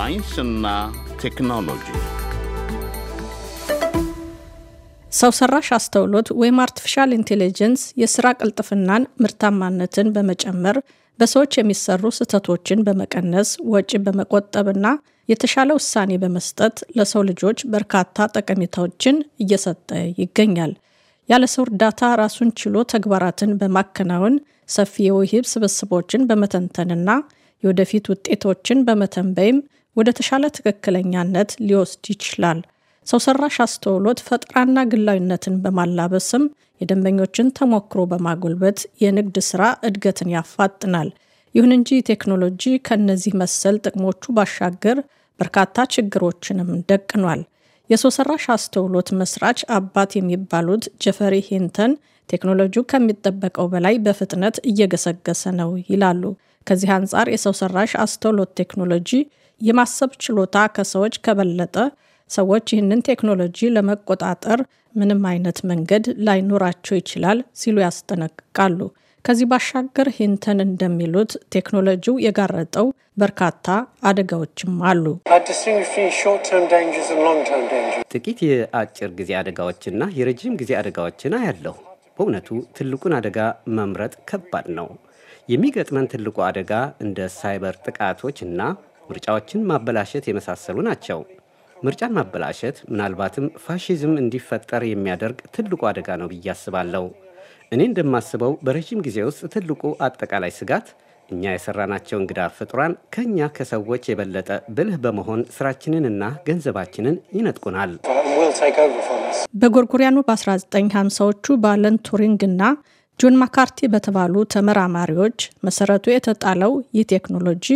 ሳይንስና ቴክኖሎጂ uh, ሰው ሰራሽ አስተውሎት ወይም አርቲፊሻል ኢንቴሊጀንስ የስራ ቅልጥፍናን፣ ምርታማነትን በመጨመር በሰዎች የሚሰሩ ስህተቶችን በመቀነስ ወጪ በመቆጠብና የተሻለ ውሳኔ በመስጠት ለሰው ልጆች በርካታ ጠቀሜታዎችን እየሰጠ ይገኛል። ያለ ሰው እርዳታ ራሱን ችሎ ተግባራትን በማከናወን ሰፊ የውሂብ ስብስቦችን በመተንተንና የወደፊት ውጤቶችን በመተንበይም ወደ ተሻለ ትክክለኛነት ሊወስድ ይችላል። ሰው ሰራሽ አስተውሎት ፈጠራና ግላዊነትን በማላበስም የደንበኞችን ተሞክሮ በማጎልበት የንግድ ስራ እድገትን ያፋጥናል። ይሁን እንጂ ቴክኖሎጂ ከእነዚህ መሰል ጥቅሞቹ ባሻገር በርካታ ችግሮችንም ደቅኗል። የሰው ሰራሽ አስተውሎት መስራች አባት የሚባሉት ጀፈሪ ሂንተን ቴክኖሎጂው ከሚጠበቀው በላይ በፍጥነት እየገሰገሰ ነው ይላሉ። ከዚህ አንጻር የሰው ሰራሽ አስተውሎት ቴክኖሎጂ የማሰብ ችሎታ ከሰዎች ከበለጠ ሰዎች ይህንን ቴክኖሎጂ ለመቆጣጠር ምንም አይነት መንገድ ላይኖራቸው ይችላል ሲሉ ያስጠነቅቃሉ። ከዚህ ባሻገር ሂንተን እንደሚሉት ቴክኖሎጂው የጋረጠው በርካታ አደጋዎችም አሉ። ጥቂት የአጭር ጊዜ አደጋዎችና የረጅም ጊዜ አደጋዎችን አያለሁ። በእውነቱ ትልቁን አደጋ መምረጥ ከባድ ነው። የሚገጥመን ትልቁ አደጋ እንደ ሳይበር ጥቃቶች እና ምርጫዎችን ማበላሸት የመሳሰሉ ናቸው። ምርጫን ማበላሸት ምናልባትም ፋሽዝም እንዲፈጠር የሚያደርግ ትልቁ አደጋ ነው ብዬ አስባለሁ። እኔ እንደማስበው በረዥም ጊዜ ውስጥ ትልቁ አጠቃላይ ስጋት እኛ የሰራናቸው እንግዳ ፍጡራን ከእኛ ከሰዎች የበለጠ ብልህ በመሆን ስራችንንና ገንዘባችንን ይነጥቁናል። በጎርጎሪያኑ በ1950ዎቹ በአለን ቱሪንግ እና ጆን ማካርቲ በተባሉ ተመራማሪዎች መሰረቱ የተጣለው ይህ ቴክኖሎጂ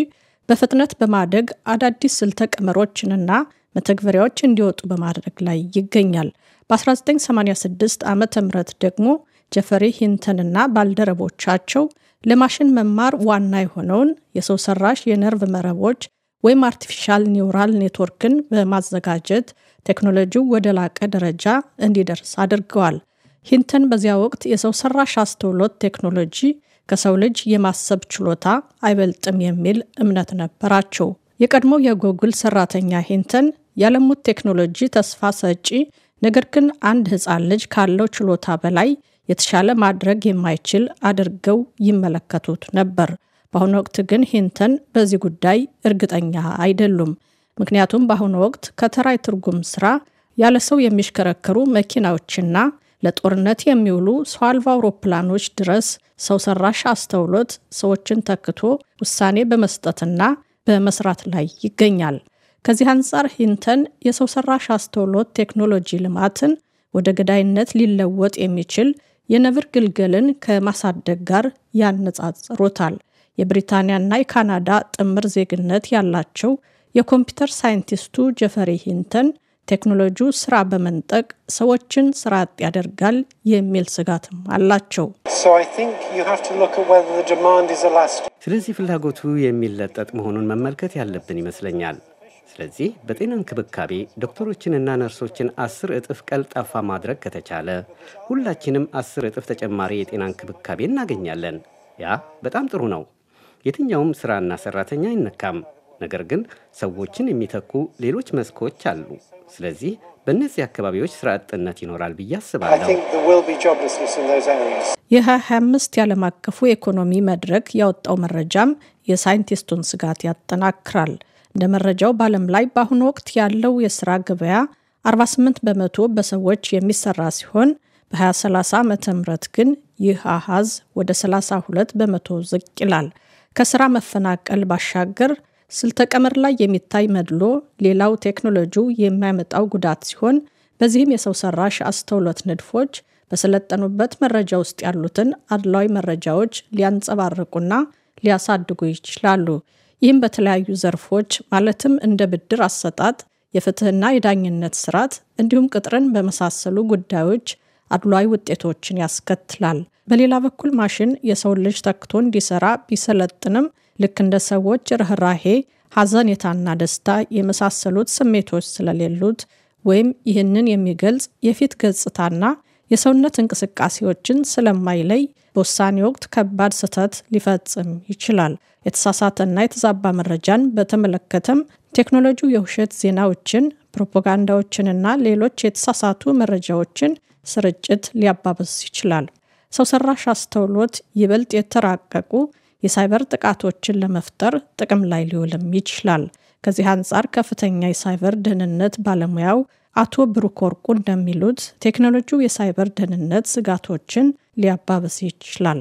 በፍጥነት በማደግ አዳዲስ ስልተ ቀመሮችንና መተግበሪያዎች እንዲወጡ በማድረግ ላይ ይገኛል። በ1986 ዓ ም ደግሞ ጀፈሪ ሂንተንና ባልደረቦቻቸው ለማሽን መማር ዋና የሆነውን የሰው ሰራሽ የነርቭ መረቦች ወይም አርቲፊሻል ኒውራል ኔትወርክን በማዘጋጀት ቴክኖሎጂው ወደ ላቀ ደረጃ እንዲደርስ አድርገዋል። ሂንተን በዚያ ወቅት የሰው ሰራሽ አስተውሎት ቴክኖሎጂ ከሰው ልጅ የማሰብ ችሎታ አይበልጥም የሚል እምነት ነበራቸው። የቀድሞው የጉግል ሰራተኛ ሂንተን ያለሙት ቴክኖሎጂ ተስፋ ሰጪ፣ ነገር ግን አንድ ህፃን ልጅ ካለው ችሎታ በላይ የተሻለ ማድረግ የማይችል አድርገው ይመለከቱት ነበር። በአሁኑ ወቅት ግን ሂንተን በዚህ ጉዳይ እርግጠኛ አይደሉም። ምክንያቱም በአሁኑ ወቅት ከተራይ ትርጉም ስራ ያለ ሰው የሚሽከረከሩ መኪናዎችና ለጦርነት የሚውሉ ሰው አልባ አውሮፕላኖች ድረስ ሰው ሰራሽ አስተውሎት ሰዎችን ተክቶ ውሳኔ በመስጠትና በመስራት ላይ ይገኛል። ከዚህ አንጻር ሂንተን የሰው ሰራሽ አስተውሎት ቴክኖሎጂ ልማትን ወደ ገዳይነት ሊለወጥ የሚችል የነብር ግልገልን ከማሳደግ ጋር ያነጻጽሮታል። የብሪታንያና የካናዳ ጥምር ዜግነት ያላቸው የኮምፒውተር ሳይንቲስቱ ጀፈሪ ሂንተን ቴክኖሎጂው ስራ በመንጠቅ ሰዎችን ስራ አጥ ያደርጋል የሚል ስጋትም አላቸው። ስለዚህ ፍላጎቱ የሚለጠጥ መሆኑን መመልከት ያለብን ይመስለኛል። ስለዚህ በጤና እንክብካቤ ዶክተሮችንና ነርሶችን አስር እጥፍ ቀልጣፋ ማድረግ ከተቻለ ሁላችንም አስር እጥፍ ተጨማሪ የጤና እንክብካቤ እናገኛለን። ያ በጣም ጥሩ ነው። የትኛውም ስራና ሰራተኛ አይነካም። ነገር ግን ሰዎችን የሚተኩ ሌሎች መስኮች አሉ። ስለዚህ በእነዚህ አካባቢዎች ስራ አጥነት ይኖራል ብዬ አስባለሁ። የ25 የዓለም አቀፉ የኢኮኖሚ መድረክ ያወጣው መረጃም የሳይንቲስቱን ስጋት ያጠናክራል። እንደ መረጃው በዓለም ላይ በአሁኑ ወቅት ያለው የስራ ገበያ 48 በመቶ በሰዎች የሚሰራ ሲሆን በ2030 ዓ ም ግን ይህ አሃዝ ወደ 32 በመቶ ዝቅ ይላል። ከስራ መፈናቀል ባሻገር ስልተቀመር ላይ የሚታይ መድሎ ሌላው ቴክኖሎጂው የሚያመጣው ጉዳት ሲሆን በዚህም የሰው ሰራሽ አስተውሎት ንድፎች በሰለጠኑበት መረጃ ውስጥ ያሉትን አድላዊ መረጃዎች ሊያንጸባርቁና ሊያሳድጉ ይችላሉ። ይህም በተለያዩ ዘርፎች ማለትም እንደ ብድር አሰጣጥ፣ የፍትህና የዳኝነት ስርዓት እንዲሁም ቅጥርን በመሳሰሉ ጉዳዮች አድሏዊ ውጤቶችን ያስከትላል። በሌላ በኩል ማሽን የሰውን ልጅ ተክቶ እንዲሰራ ቢሰለጥንም ልክ እንደ ሰዎች ርኅራሄ፣ ሐዘኔታና ደስታ የመሳሰሉት ስሜቶች ስለሌሉት ወይም ይህንን የሚገልጽ የፊት ገጽታና የሰውነት እንቅስቃሴዎችን ስለማይለይ በውሳኔ ወቅት ከባድ ስህተት ሊፈጽም ይችላል። የተሳሳተና የተዛባ መረጃን በተመለከተም ቴክኖሎጂው የውሸት ዜናዎችን፣ ፕሮፓጋንዳዎችንና ሌሎች የተሳሳቱ መረጃዎችን ስርጭት ሊያባብስ ይችላል። ሰው ሰራሽ አስተውሎት ይበልጥ የተራቀቁ የሳይበር ጥቃቶችን ለመፍጠር ጥቅም ላይ ሊውልም ይችላል። ከዚህ አንጻር ከፍተኛ የሳይበር ደህንነት ባለሙያው አቶ ብሩክ ወርቁ እንደሚሉት ቴክኖሎጂው የሳይበር ደህንነት ስጋቶችን ሊያባብስ ይችላል።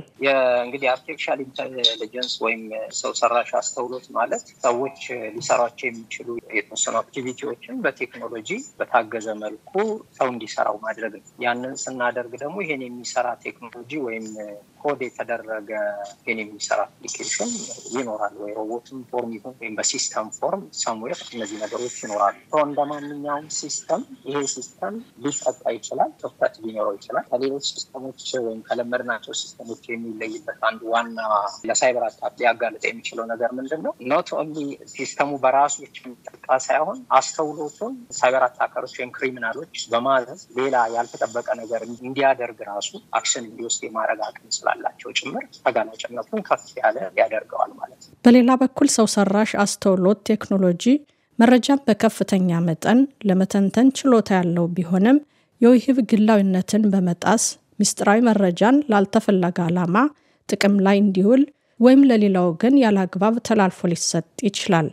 እንግዲህ አርቲፊሻል ኢንቴሊጀንስ ወይም ሰው ሰራሽ አስተውሎት ማለት ሰዎች ሊሰሯቸው የሚችሉ የተወሰኑ አክቲቪቲዎችን በቴክኖሎጂ በታገዘ መልኩ ሰው እንዲሰራው ማድረግ ነው። ያንን ስናደርግ ደግሞ ይሄን የሚሰራ ቴክኖሎጂ ወይም ኮድ የተደረገ ይሄን የሚሰራ አፕሊኬሽን ይኖራል ወይ ሮቦትም ፎርም ይሁን ወይም በሲስተም ፎርም ሰምዌር እነዚህ ነገሮች ይኖራሉ። ሰው እንደ ማንኛውም ሲስተም ይሄ ሲስተም ሊጠቃ ይችላል፣ ክፍተት ሊኖረው ይችላል። ከሌሎች ሲስተሞች ወይም ወይም ከለመድናቸው ሲስተሞች የሚለይበት አንድ ዋና ለሳይበር አታክ ሊያጋልጥ የሚችለው ነገር ምንድን ነው? ኖት ኦንሊ ሲስተሙ በራሱ የሚጠቃ ሳይሆን አስተውሎቱን ሳይበር አታከሮች ወይም ክሪሚናሎች በማዘዝ ሌላ ያልተጠበቀ ነገር እንዲያደርግ ራሱ አክሽን እንዲወስድ የማድረግ አቅም ስላላቸው ጭምር ተጋላጭነቱን ከፍ ያለ ያደርገዋል ማለት ነው። በሌላ በኩል ሰው ሰራሽ አስተውሎት ቴክኖሎጂ መረጃን በከፍተኛ መጠን ለመተንተን ችሎታ ያለው ቢሆንም የውህብ ግላዊነትን በመጣስ ምስጢራዊ መረጃን ላልተፈለገ ዓላማ ጥቅም ላይ እንዲውል ወይም ለሌላ ወገን ያለ አግባብ ተላልፎ ሊሰጥ ይችላል።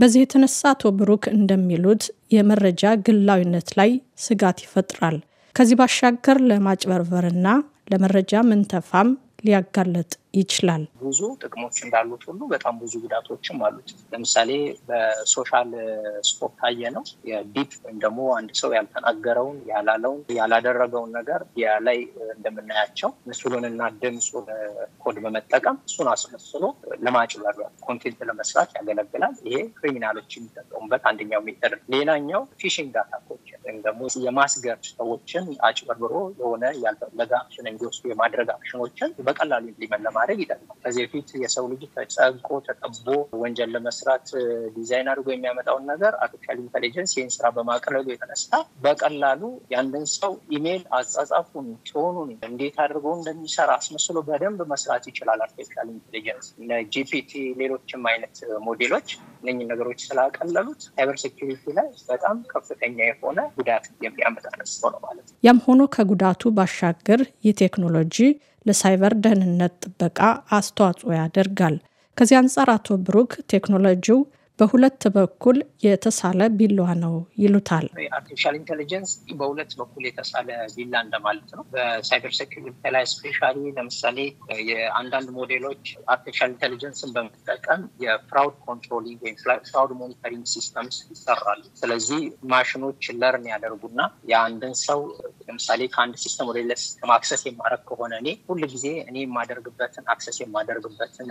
በዚህ የተነሳ አቶ ብሩክ እንደሚሉት የመረጃ ግላዊነት ላይ ስጋት ይፈጥራል። ከዚህ ባሻገር ለማጭበርበርና ለመረጃ ምንተፋም ሊያጋለጥ ይችላል። ብዙ ጥቅሞች እንዳሉት ሁሉ በጣም ብዙ ጉዳቶችም አሉት። ለምሳሌ በሶሻል ስፖርት ታየ ነው የዲፕ ወይም ደግሞ አንድ ሰው ያልተናገረውን፣ ያላለውን፣ ያላደረገውን ነገር ላይ እንደምናያቸው ምስሉንና ድምፁን ኮድ በመጠቀም እሱን አስመስሎ ለማጭበርበር ኮንቴንት ለመስራት ያገለግላል። ይሄ ክሪሚናሎች የሚጠቀሙበት አንደኛው ሜተር። ሌላኛው ፊሽንግ ዳታ ኮድ ደግሞ የማስገር ሰዎችን አጭበርብሮ የሆነ ያልፈለገ አክሽን እንዲወስዱ የማድረግ አክሽኖችን በቀላሉ ኢምፕሊመንት ለማድረግ ይጠቅማል። ከዚህ በፊት የሰው ልጅ ተጸቆ ተጠቦ ወንጀል ለመስራት ዲዛይን አድርጎ የሚያመጣውን ነገር አርቲፊሻል ኢንቴሊጀንስ ይህን ስራ በማቅለሉ የተነሳ በቀላሉ ያንድን ሰው ኢሜል አጻጻፉን፣ ጭሆኑን እንዴት አድርጎ እንደሚሰራ አስመስሎ በደንብ መስራት ይችላል። አርቲፊሻል ኢንቴሊጀንስ ጂፒቲ፣ ሌሎችም አይነት ሞዴሎች እነኝን ነገሮች ስላቀለሉት ሳይበር ሴኪሪቲ ላይ በጣም ከፍተኛ የሆነ ጉዳ ጉዳት የሚያመጣ ነው ማለት ነው። ያም ሆኖ ከጉዳቱ ባሻገር ይህ ቴክኖሎጂ ለሳይበር ደህንነት ጥበቃ አስተዋጽኦ ያደርጋል። ከዚህ አንጻር አቶ ብሩክ ቴክኖሎጂው በሁለት በኩል የተሳለ ቢላዋ ነው ይሉታል። አርቲፊሻል ኢንቴሊጀንስ በሁለት በኩል የተሳለ ቢላ እንደማለት ነው። በሳይበር ሴኩሪቲ ላይ ስፔሻሊ ለምሳሌ የአንዳንድ ሞዴሎች አርቲፊሻል ኢንቴሊጀንስን በመጠቀም የፍራውድ ኮንትሮሊንግ ወይም ፍራውድ ሞኒተሪንግ ሲስተምስ ይሰራሉ። ስለዚህ ማሽኖች ለርን ያደርጉና የአንድን ሰው ለምሳሌ ከአንድ ሲስተም ወደ ሌላ ሲስተም አክሰስ የማድረግ ከሆነ እኔ ሁል ጊዜ እኔ የማደርግበትን አክሰስ የማደርግበትን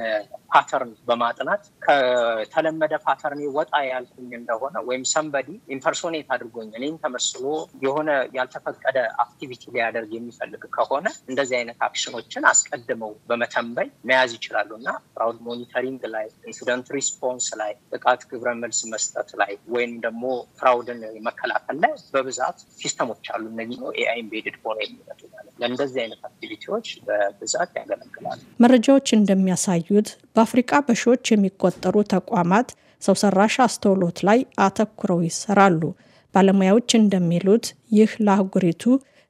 ፓተርን በማጥናት ከተለመደ ፓተርን ወጣ ያልኩኝ እንደሆነ ወይም ሰንበዲ ኢንፐርሶኔት አድርጎኝ እኔን ተመስሎ የሆነ ያልተፈቀደ አክቲቪቲ ሊያደርግ የሚፈልግ ከሆነ እንደዚህ አይነት አክሽኖችን አስቀድመው በመተንበይ መያዝ ይችላሉ እና ክራውድ ሞኒተሪንግ ላይ ኢንሲደንት ሪስፖንስ ላይ ጥቃት ግብረ መልስ መስጠት ላይ ወይም ደግሞ ፍራውድን መከላከል ላይ በብዛት ሲስተሞች አሉ እነዚህ ኤአይ ኢምቤድድ ሆነ የሚመጡ ማለት ለእንደዚህ አይነት አክቲቪቲዎች በብዛት ያገለግላል። መረጃዎች እንደሚያሳዩት በአፍሪቃ በሺዎች የሚቆጠሩ ተቋማት ሰው ሰራሽ አስተውሎት ላይ አተኩረው ይሰራሉ። ባለሙያዎች እንደሚሉት ይህ ለአህጉሪቱ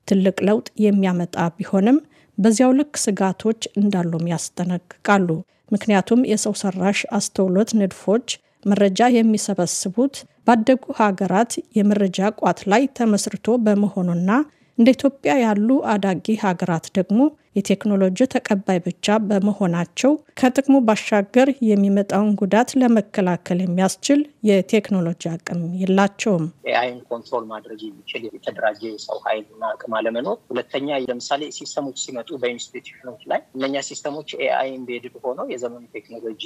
ትልቅ ለውጥ የሚያመጣ ቢሆንም በዚያው ልክ ስጋቶች እንዳሉም ያስጠነቅቃሉ። ምክንያቱም የሰው ሰራሽ አስተውሎት ንድፎች መረጃ የሚሰበስቡት ባደጉ ሀገራት የመረጃ ቋት ላይ ተመስርቶ በመሆኑና እንደ ኢትዮጵያ ያሉ አዳጊ ሀገራት ደግሞ የቴክኖሎጂ ተቀባይ ብቻ በመሆናቸው ከጥቅሙ ባሻገር የሚመጣውን ጉዳት ለመከላከል የሚያስችል የቴክኖሎጂ አቅም የላቸውም። ኤአይን ኮንትሮል ማድረግ የሚችል የተደራጀ የሰው ኃይልና አቅም አለመኖር። ሁለተኛ ለምሳሌ ሲስተሞች ሲመጡ በኢንስቲትዩሽኖች ላይ እነኛ ሲስተሞች ኤአይ ኢምቤድድ ሆነው የዘመኑ ቴክኖሎጂ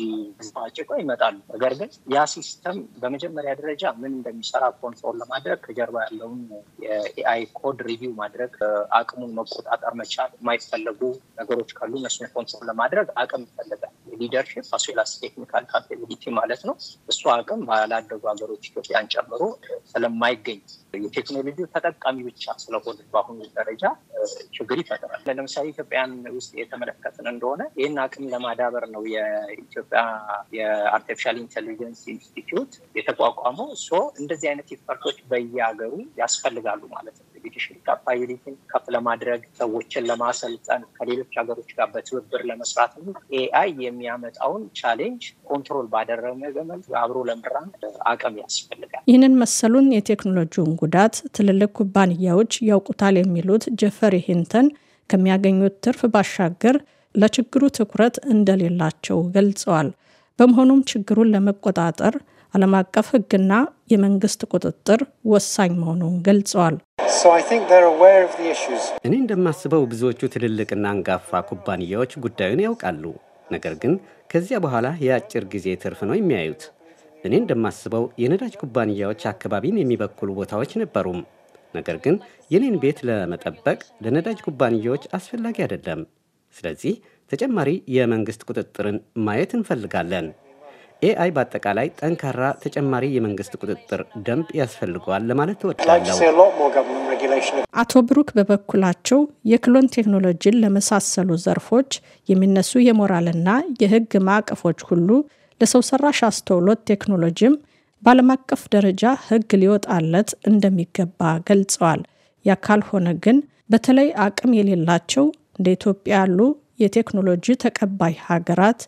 ዝታጭቆ ይመጣሉ። ነገር ግን ያ ሲስተም በመጀመሪያ ደረጃ ምን እንደሚሰራ ኮንትሮል ለማድረግ ከጀርባ ያለውን የኤአይ ኮድ ሪቪው ማድረግ አቅሙን መቆጣጠር መቻል የማይፈለጉ የሚያደርጉ ነገሮች ካሉ እነሱን ኮንትሮል ለማድረግ አቅም ይፈልጋል። ሊደርሽፕ አስላስ ቴክኒካል ካፓቢሊቲ ማለት ነው። እሱ አቅም ባላደጉ ሀገሮች ኢትዮጵያን ጨምሮ ስለማይገኝ የቴክኖሎጂ ተጠቃሚ ብቻ ስለሆነ በአሁኑ ደረጃ ችግር ይፈጥራል። ለምሳሌ ኢትዮጵያን ውስጥ የተመለከትን እንደሆነ ይህን አቅም ለማዳበር ነው የኢትዮጵያ የአርቲፊሻል ኢንቴሊጀንስ ኢንስቲትዩት የተቋቋመው። እሶ እንደዚህ አይነት ኤክስፐርቶች በየሀገሩ ያስፈልጋሉ ማለት ነው። እንግዲህ ካፓቢሊቲን ከፍ ለማድረግ ሰዎችን ለማሰልጠን ከሌሎች ሀገሮች ጋር በትብብር ለመስራት ኤአይ የሚያመጣውን ቻሌንጅ ኮንትሮል ባደረገ መልክ አብሮ ለምራን አቅም ያስፈልጋል። ይህንን መሰሉን የቴክኖሎጂውን ጉዳት ትልልቅ ኩባንያዎች ያውቁታል የሚሉት ጀፈሪ ሂንተን ከሚያገኙት ትርፍ ባሻገር ለችግሩ ትኩረት እንደሌላቸው ገልጸዋል። በመሆኑም ችግሩን ለመቆጣጠር ዓለም አቀፍ ሕግና የመንግስት ቁጥጥር ወሳኝ መሆኑን ገልጸዋል። እኔ እንደማስበው ብዙዎቹ ትልልቅና አንጋፋ ኩባንያዎች ጉዳዩን ያውቃሉ። ነገር ግን ከዚያ በኋላ የአጭር ጊዜ ትርፍ ነው የሚያዩት። እኔ እንደማስበው የነዳጅ ኩባንያዎች አካባቢን የሚበኩሉ ቦታዎች ነበሩም። ነገር ግን የኔን ቤት ለመጠበቅ ለነዳጅ ኩባንያዎች አስፈላጊ አይደለም። ስለዚህ ተጨማሪ የመንግስት ቁጥጥርን ማየት እንፈልጋለን። ኤአይ በአጠቃላይ ጠንካራ ተጨማሪ የመንግስት ቁጥጥር ደንብ ያስፈልገዋል ለማለት እወዳለሁ። አቶ ብሩክ በበኩላቸው የክሎን ቴክኖሎጂን ለመሳሰሉ ዘርፎች የሚነሱ የሞራልና የህግ ማዕቀፎች ሁሉ ለሰው ሰራሽ አስተውሎት ቴክኖሎጂም በዓለም አቀፍ ደረጃ ህግ ሊወጣለት እንደሚገባ ገልጸዋል። ያ ካልሆነ ግን በተለይ አቅም የሌላቸው እንደ ኢትዮጵያ ያሉ የቴክኖሎጂ ተቀባይ ሀገራት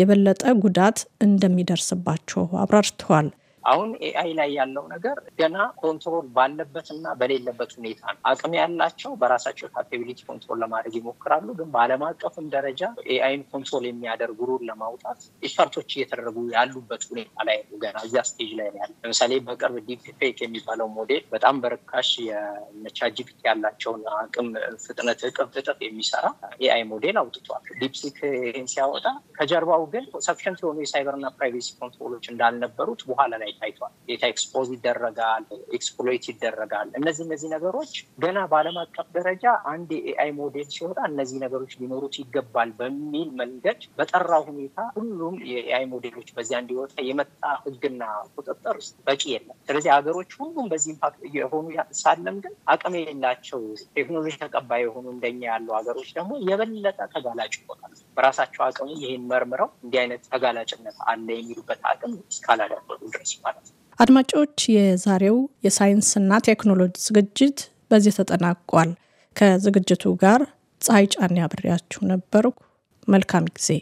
የበለጠ ጉዳት እንደሚደርስባቸው አብራርተዋል። አሁን ኤአይ ላይ ያለው ነገር ገና ኮንትሮል ባለበት እና በሌለበት ሁኔታ ነው። አቅም ያላቸው በራሳቸው ካፓቢሊቲ ኮንትሮል ለማድረግ ይሞክራሉ። ግን በዓለም አቀፍም ደረጃ ኤአይን ኮንትሮል የሚያደርግ ሩል ለማውጣት ኢፈርቶች እየተደረጉ ያሉበት ሁኔታ ላይ ነው። ገና እዚያ ስቴጅ ላይ ያለ። ለምሳሌ በቅርብ ዲፕ ፌክ የሚባለው ሞዴል በጣም በርካሽ የቻትጂፒቲ ያላቸውን አቅም ፍጥነት እጥፍ እጥፍ የሚሰራ ኤአይ ሞዴል አውጥቷል። ዲፕሲክ ሲያወጣ ከጀርባው ግን ሰፊሽንት የሆኑ የሳይበርና ፕራይቬሲ ኮንትሮሎች እንዳልነበሩት በኋላ ላይ ላይ ታይቷል። ዴታ ኤክስፖዝ ይደረጋል፣ ኤክስፕሎይት ይደረጋል። እነዚህ እነዚህ ነገሮች ገና በዓለም አቀፍ ደረጃ አንድ የኤአይ ሞዴል ሲወጣ እነዚህ ነገሮች ሊኖሩት ይገባል በሚል መንገድ በጠራ ሁኔታ ሁሉም የኤአይ ሞዴሎች በዚያ እንዲወጣ የመጣ ህግና ቁጥጥር በቂ የለም። ስለዚህ ሀገሮች ሁሉም በዚህ ኢምፓክት የሆኑ ሳለም ግን አቅም የሌላቸው ቴክኖሎጂ ተቀባይ የሆኑ እንደኛ ያሉ ሀገሮች ደግሞ የበለጠ ተጋላጭ ይሆናል። በራሳቸው አቅሙ ይህን መርምረው እንዲህ አይነት ተጋላጭነት አለ የሚሉበት አቅም እስካላዳበሩ ድረስ ማለት ነው። አድማጮች፣ የዛሬው የሳይንስና ቴክኖሎጂ ዝግጅት በዚህ ተጠናቋል። ከዝግጅቱ ጋር ፀሐይ ጫን ያብሬያችሁ ነበርኩ። መልካም ጊዜ